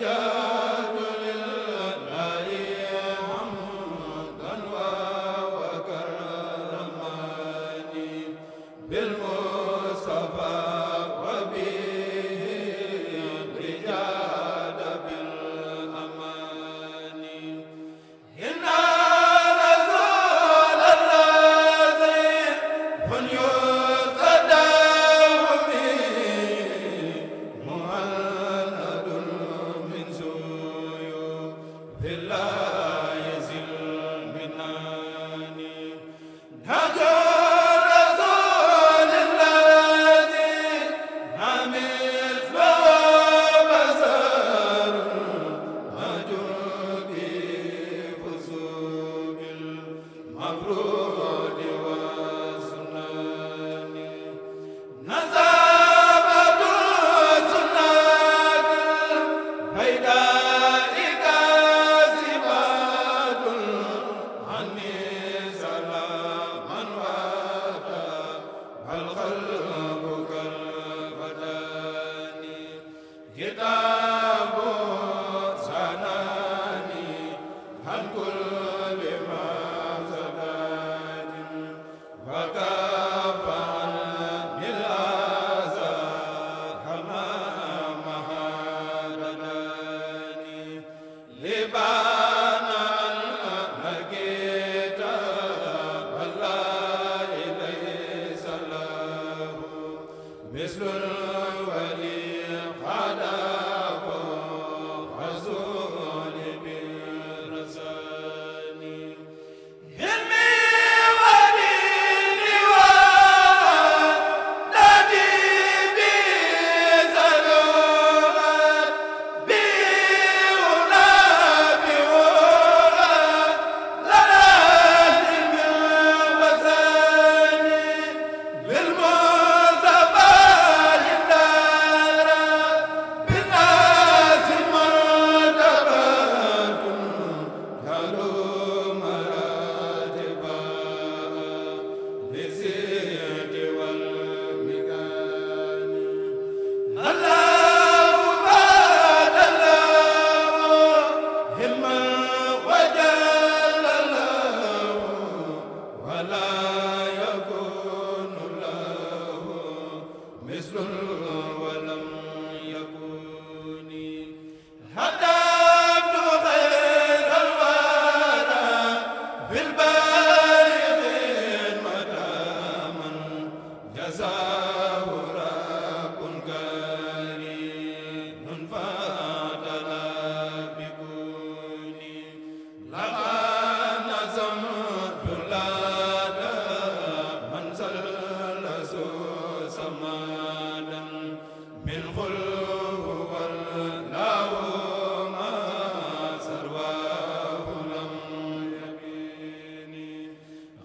ja léba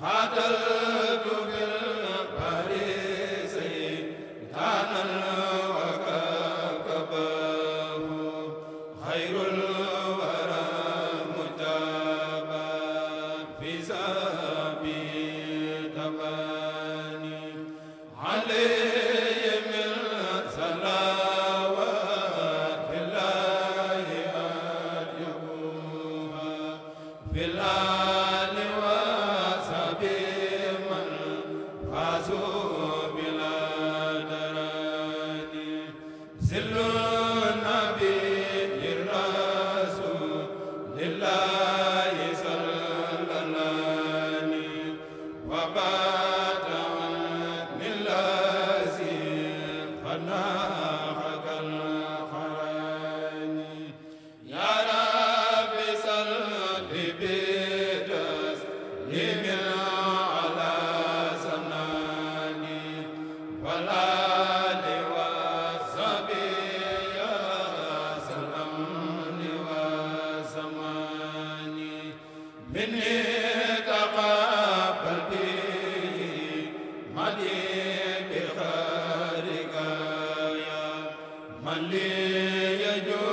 xatal man li yajur